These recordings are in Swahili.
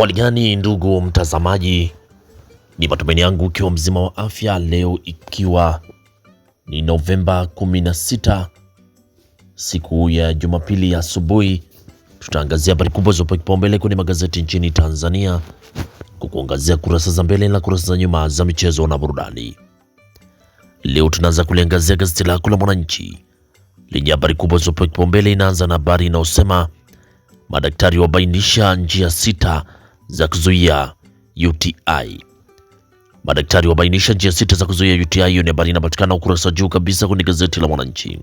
Hali gani ndugu mtazamaji, ni matumaini yangu ukiwa mzima wa afya leo, ikiwa ni Novemba 16 siku ya Jumapili ya asubuhi, tutaangazia habari kubwa zilizopewa kipaumbele kwenye magazeti nchini Tanzania, kukuangazia kurasa za mbele na kurasa za nyuma za michezo na burudani. Leo tunaanza kuliangazia gazeti lako la Mwananchi lenye habari kubwa zilizopewa kipaumbele. Inaanza na habari inayosema madaktari wabainisha njia sita za kuzuia UTI. Madaktari wabainisha njia sita za kuzuia UTI. Hiyo ni habari inapatikana ukurasa juu kabisa kwenye gazeti la Mwananchi.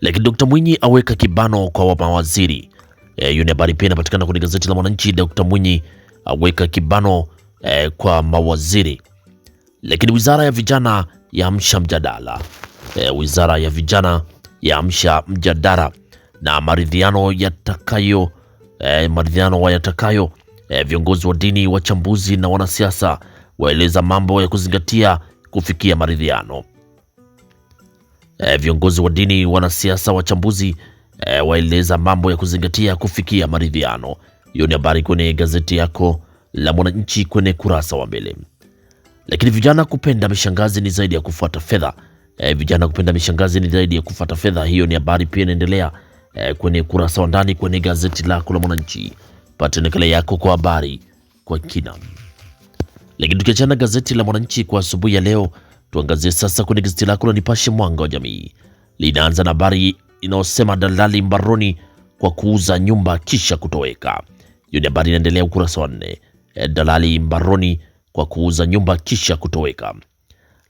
Lakini Dr. Mwinyi aweka kibano kwa mawaziri. Eh, hiyo ni habari pia inapatikana kwenye gazeti la Mwananchi. Dr. Mwinyi aweka kibano e, kwa mawaziri. Lakini wizara ya vijana yaamsha mjadala e, wizara ya vijana yaamsha mjadala na maridhiano yatakayo e, maridhiano wayatakayo e, viongozi wa dini, wachambuzi na wanasiasa waeleza mambo ya kuzingatia kufikia maridhiano. E, viongozi wa dini, wanasiasa, wachambuzi e, waeleza mambo ya kuzingatia kufikia maridhiano. Hiyo ni habari kwenye gazeti yako la Mwananchi kwenye kurasa wa mbele. Lakini vijana kupenda mishangazi ni zaidi ya kufuata fedha. E, vijana kupenda mishangazi ni zaidi ya kufuata fedha. Hiyo ni habari pia inaendelea e, kwenye kurasa wa ndani kwenye gazeti lako la Mwananchi pate nakala yako kwa habari kwa kina. Lakini tukiachana gazeti la Mwananchi kwa asubuhi ya leo, tuangazie sasa kwenye gazeti lako la Nipashe Mwanga wa Jamii. Linaanza na habari inayosema dalali mbaroni kwa kuuza nyumba kisha kutoweka. Hiyo ni habari inaendelea ukurasa wa nne. E, dalali mbaroni kwa kuuza nyumba kisha kutoweka.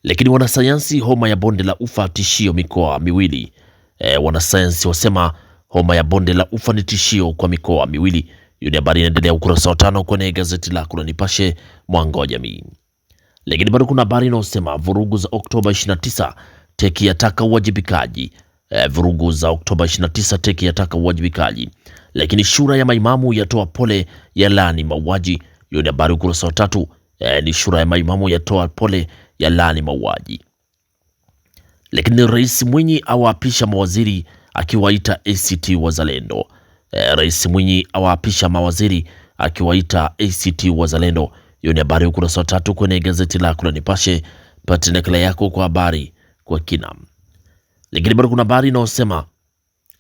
Lakini wanasayansi, homa ya bonde la ufa tishio mikoa miwili. E, wanasayansi wasema homa ya bonde la ufa ni tishio kwa mikoa miwili hiyo ni habari inaendelea ukurasa wa tano kwenye gazeti lako la Nipashe mwanga wa jamii. Lakini bado kuna habari inayosema vurugu za Oktoba 29 teki yataka uwajibikaji. E, vurugu za Oktoba 29 teki yataka uwajibikaji. Lakini shura ya maimamu yatoa pole ya laani mauaji. Hiyo ni habari ukurasa wa tatu. E, ni shura ya maimamu yatoa pole ya laani mauaji. Lakini Rais Mwinyi awaapisha mawaziri akiwaita ACT Wazalendo eh, Rais Mwinyi awaapisha mawaziri akiwaita ACT Wazalendo. Hiyo ni habari ya ukurasa wa tatu kwenye gazeti lako la Nipashe. Pate nakala yako kwa habari kwa kina. Lakini bado kuna habari inayosema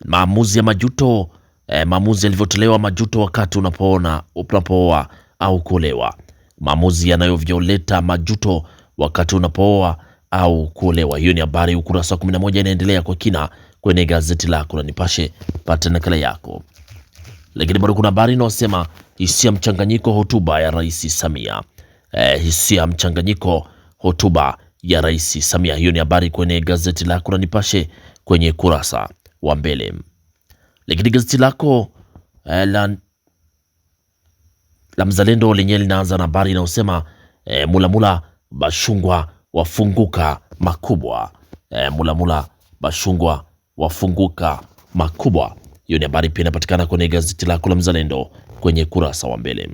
maamuzi ya majuto eh, maamuzi yalivyotolewa majuto wakati unapoona unapooa au kuolewa, maamuzi yanayovyoleta majuto wakati unapooa au kuolewa. Hiyo ni habari ukurasa wa 11 inaendelea kwa kina kwenye gazeti lako la Nipashe, pata nakala yako. Lakini bado kuna habari inayosema hisia mchanganyiko, hotuba ya Rais Samia. Eh, hisia mchanganyiko, hotuba ya Rais Samia. Hiyo ni habari kwenye gazeti lako la Nipashe kwenye kurasa wa mbele. Lakini gazeti lako eh, la, la Mzalendo lenyewe linaanza na habari inayosema e, Mulamula Bashungwa wafunguka makubwa. E, Mulamula Bashungwa wafunguka makubwa. Hiyo ni habari pia inapatikana kwenye gazeti lako la Mzalendo kwenye kurasa wa mbele.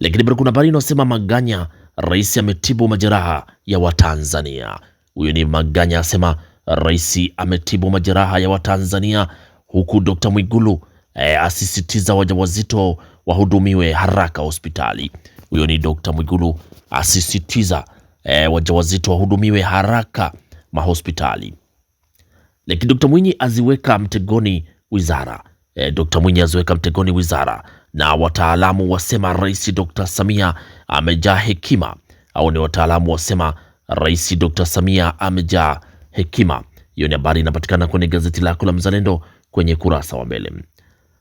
Lakini bado kuna habari inayosema Maganya, rais ametibu majeraha ya Watanzania. Huyo ni Maganya asema rais ametibu majeraha ya Watanzania, huku Dr. Mwigulu e, asisitiza wajawazito wahudumiwe haraka hospitali. Huyo ni Dr. Mwigulu asisitiza e, wajawazito wahudumiwe haraka mahospitali. Lakini Dr. Mwinyi aziweka mtegoni wizara e, Dkt. Mwinyi aziweka mtegoni wizara na wataalamu wasema Rais Dkt. Samia amejaa hekima, au ni wataalamu wasema Rais Dkt. Samia amejaa hekima. Hiyo ni habari inapatikana kwenye gazeti lako la Mzalendo kwenye kurasa wa mbele.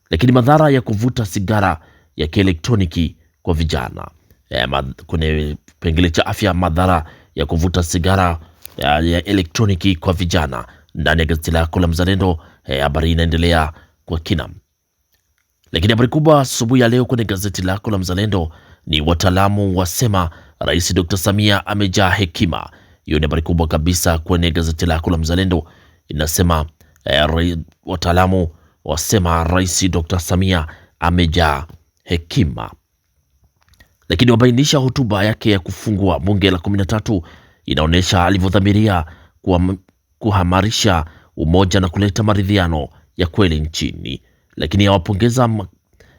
Lakini madhara ya kuvuta sigara ya kielektroniki kwa vijana e, kwenye pengele cha afya, madhara ya kuvuta sigara ya, ya elektroniki kwa vijana ndani ya gazeti lako la Mzalendo. Eh, habari hii inaendelea kwa kina, lakini habari kubwa asubuhi ya leo kwenye gazeti lako la Mzalendo ni wataalamu wasema Rais Dr. Samia amejaa hekima. Hiyo ni habari kubwa kabisa kwenye gazeti lako la Mzalendo inasema eh, wataalamu wasema Rais Dr. Samia amejaa hekima, lakini wabainisha hotuba yake ya kufungua bunge la 13 inaonyesha alivyodhamiria kuhamarisha umoja na kuleta maridhiano ya kweli nchini, lakini awapongeza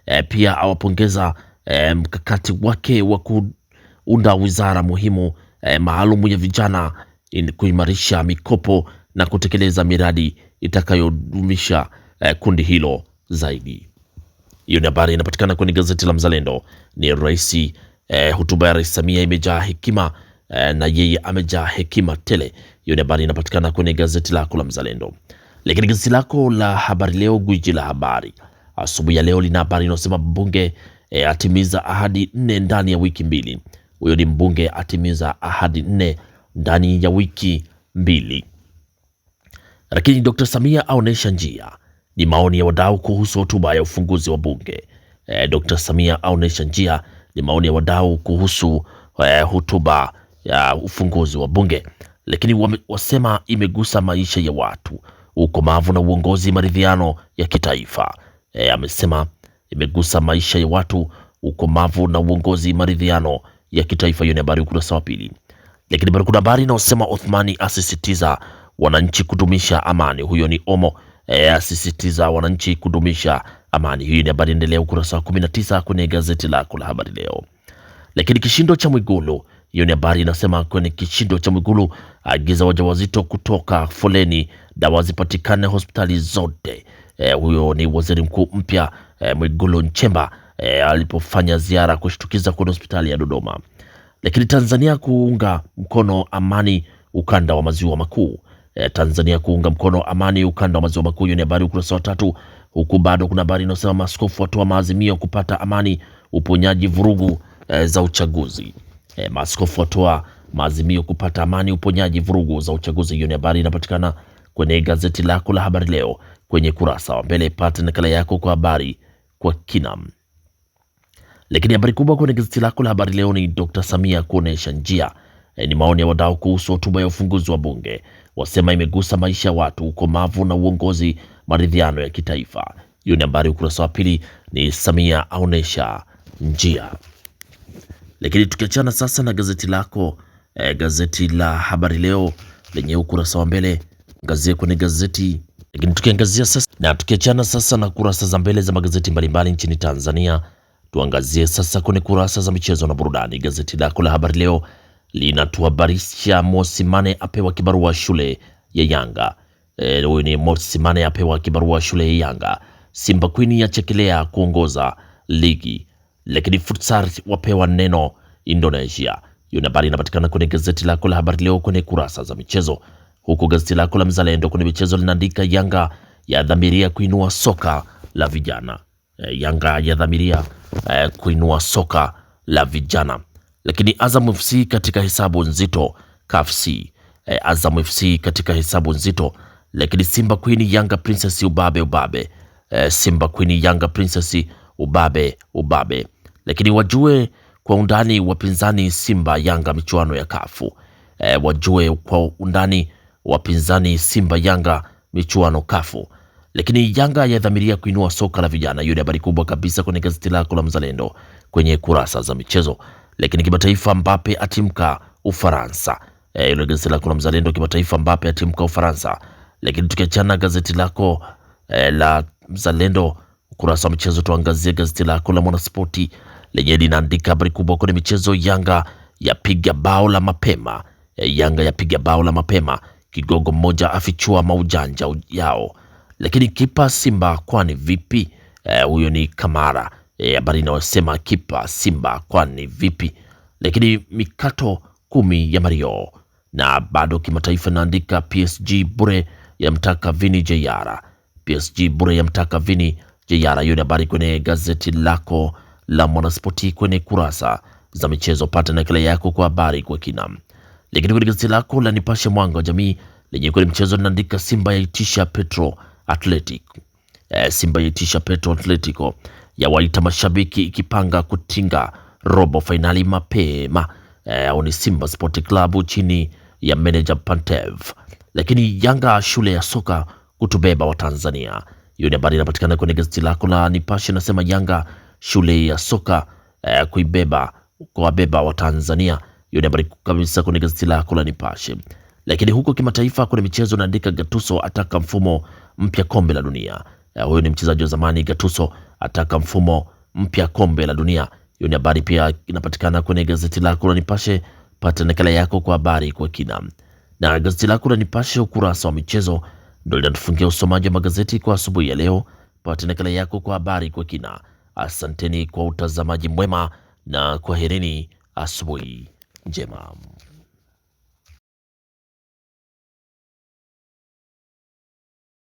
e, eh, pia awapongeza e, eh, mkakati wake wa kuunda wizara muhimu e, eh, maalumu ya vijana in, kuimarisha mikopo na kutekeleza miradi itakayodumisha e, kundi hilo zaidi. Hiyo ni habari inapatikana kwenye gazeti la Mzalendo. Ni rais e, hotuba ya Rais Samia imejaa hekima e, na yeye amejaa hekima tele. Hiyo ni habari inapatikana kwenye gazeti lako la Mzalendo. Lakini gazeti lako la Habari Leo, gwiji la habari asubuhi ya leo, lina habari inayosema mbunge e, atimiza ahadi nne ndani ya wiki mbili. Huyo ni mbunge atimiza ahadi nne ndani ya wiki mbili. Lakini Dr. Samia aonyesha njia, ni maoni ya wadau kuhusu hotuba ya ufunguzi wa bunge. E, Dr. Samia aonyesha njia, ni maoni ya wadau kuhusu e, hotuba e, ya ufunguzi wa bunge lakini wame, wasema imegusa maisha ya watu, ukomavu na uongozi, maridhiano ya kitaifa. E, amesema imegusa maisha ya watu, ukomavu na uongozi, maridhiano ya kitaifa. Hiyo ni habari ukurasa wa pili, lakini bado kuna habari inayosema Othmani asisitiza wananchi kudumisha amani. Huyo ni Omo e, asisitiza wananchi kudumisha amani. Hiyo ni habari endelea ukurasa wa 19 kwenye gazeti lako la habari leo. Lakini kishindo cha Mwigulu hiyo ni habari inasema kwenye kishindo cha Mwigulu agiza wajawazito kutoka foleni, dawa zipatikane hospitali zote. E, huyo ni waziri mkuu mpya e, Mwigulu Nchemba e, alipofanya ziara kushtukiza kwenye hospitali ya Dodoma. Lakini Tanzania kuunga mkono amani ukanda wa maziwa makuu. E, Tanzania kuunga mkono amani ukanda wa maziwa makuu. Hiyo ni habari ukurasa wa tatu, huku bado kuna habari inayosema maaskofu watoa maazimio kupata amani uponyaji vurugu e, za uchaguzi. E, eh, maskofu watoa maazimio kupata amani, uponyaji vurugu za uchaguzi. Hiyo ni habari inapatikana kwenye gazeti lako la habari leo kwenye kurasa wa mbele. Pata nakala yako kwa habari kwa kina. Lakini habari kubwa kwenye gazeti lako la habari leo ni Dr. Samia kuonesha njia. E, ni maoni ya wadau kuhusu hotuba ya ufunguzi wa bunge, wasema imegusa maisha ya watu, ukomavu na uongozi, maridhiano ya kitaifa. Hiyo ni habari ukurasa wa pili, ni Samia aonesha njia. Lakini tukiachana sasa na gazeti lako eh, gazeti la Habari Leo lenye ukurasa wa mbele ngazie kwenye gazeti lakini tukiangazia sasa na tukiachana sasa na kurasa za mbele za magazeti mbalimbali nchini Tanzania, tuangazie sasa kwenye kurasa za michezo na burudani. Gazeti lako la Habari Leo linatuhabarisha Mosimane apewa kibarua shule ya Yanga. Eh, huyu e, ni Mosimane apewa kibarua shule ya Yanga. Simba Queen yachekelea kuongoza ligi lakini Futsal wapewa neno Indonesia. Hiyo ni habari inapatikana kwenye gazeti lako la Habari Leo kwenye kurasa za michezo, huku gazeti lako la Mzalendo kwenye michezo linaandika Yanga ya dhamiria kuinua soka la vijana. e, Yanga ya dhamiria e, eh, kuinua soka la vijana. Lakini Azam FC katika hesabu nzito KFC. e, eh, Azam FC katika hesabu nzito. Lakini Simba Queen Yanga Princess ubabe ubabe. e, Simba Queen Yanga Princess ubabe ubabe lakini wajue kwa undani wapinzani Simba Yanga michuano ya kafu e, wajue kwa undani wapinzani Simba Yanga michuano kafu. Lakini Yanga yadhamiria kuinua soka la vijana, hiyo ni habari kubwa kabisa kwenye gazeti lako la Mzalendo kwenye kurasa za michezo. Lakini kimataifa, Mbappe atimka Ufaransa. E, hilo gazeti lako la Mzalendo kimataifa, Mbappe atimka Ufaransa. Lakini tukiachana gazeti lako e, la Mzalendo ukurasa wa michezo, tuangazie gazeti lako la Mwanaspoti lenye linaandika habari kubwa kwenye michezo. Yanga yapiga bao la mapema, eh, Yanga yapiga bao la mapema, kigogo mmoja afichua maujanja yao. Lakini kipa Simba kwani vipi? Eh, huyo ni Kamara eh, habari e, inayosema kipa Simba kwani vipi? Lakini mikato kumi ya Mario na bado kimataifa inaandika PSG bure yamtaka Vini Jayara, PSG bure yamtaka Vini Jayara. Hiyo ni habari kwenye gazeti lako la Mwanaspoti kwenye kurasa za michezo. Pata nakala yako kwa habari kwa kina. Lakini kwenye gazeti lako la Nipashe Mwanga wa Jamii lenye kwenye mchezo linaandika Simba yaitisha Petro Athletic. E, eh, Simba yaitisha Petro Atletico waita mashabiki ikipanga kutinga robo fainali mapema. E, au ni Simba Sport Club chini ya manager Pantev. Lakini Yanga shule ya soka kutubeba Watanzania. Hiyo ni habari inapatikana kwenye gazeti lako la Nipashe, nasema Yanga shule ya soka eh, kuibeba kwa kuwabeba wa Tanzania. Hiyo ni habari kabisa kwenye gazeti lako la Nipashe. Lakini huko kimataifa kuna michezo naandika, Gatuso ataka mfumo mpya kombe la dunia. Eh, huyo ni mchezaji wa zamani Gatuso ataka mfumo mpya kombe la dunia. Hiyo ni habari pia inapatikana kwenye gazeti lako la Nipashe. Pata nakala yako kwa habari kwa kina. Na gazeti lako la Nipashe ukurasa wa michezo ndio linatufungia usomaji wa magazeti kwa asubuhi ya leo. Pata nakala yako kwa habari kwa kina. Asanteni kwa utazamaji mwema na kwaherini, asubuhi njema.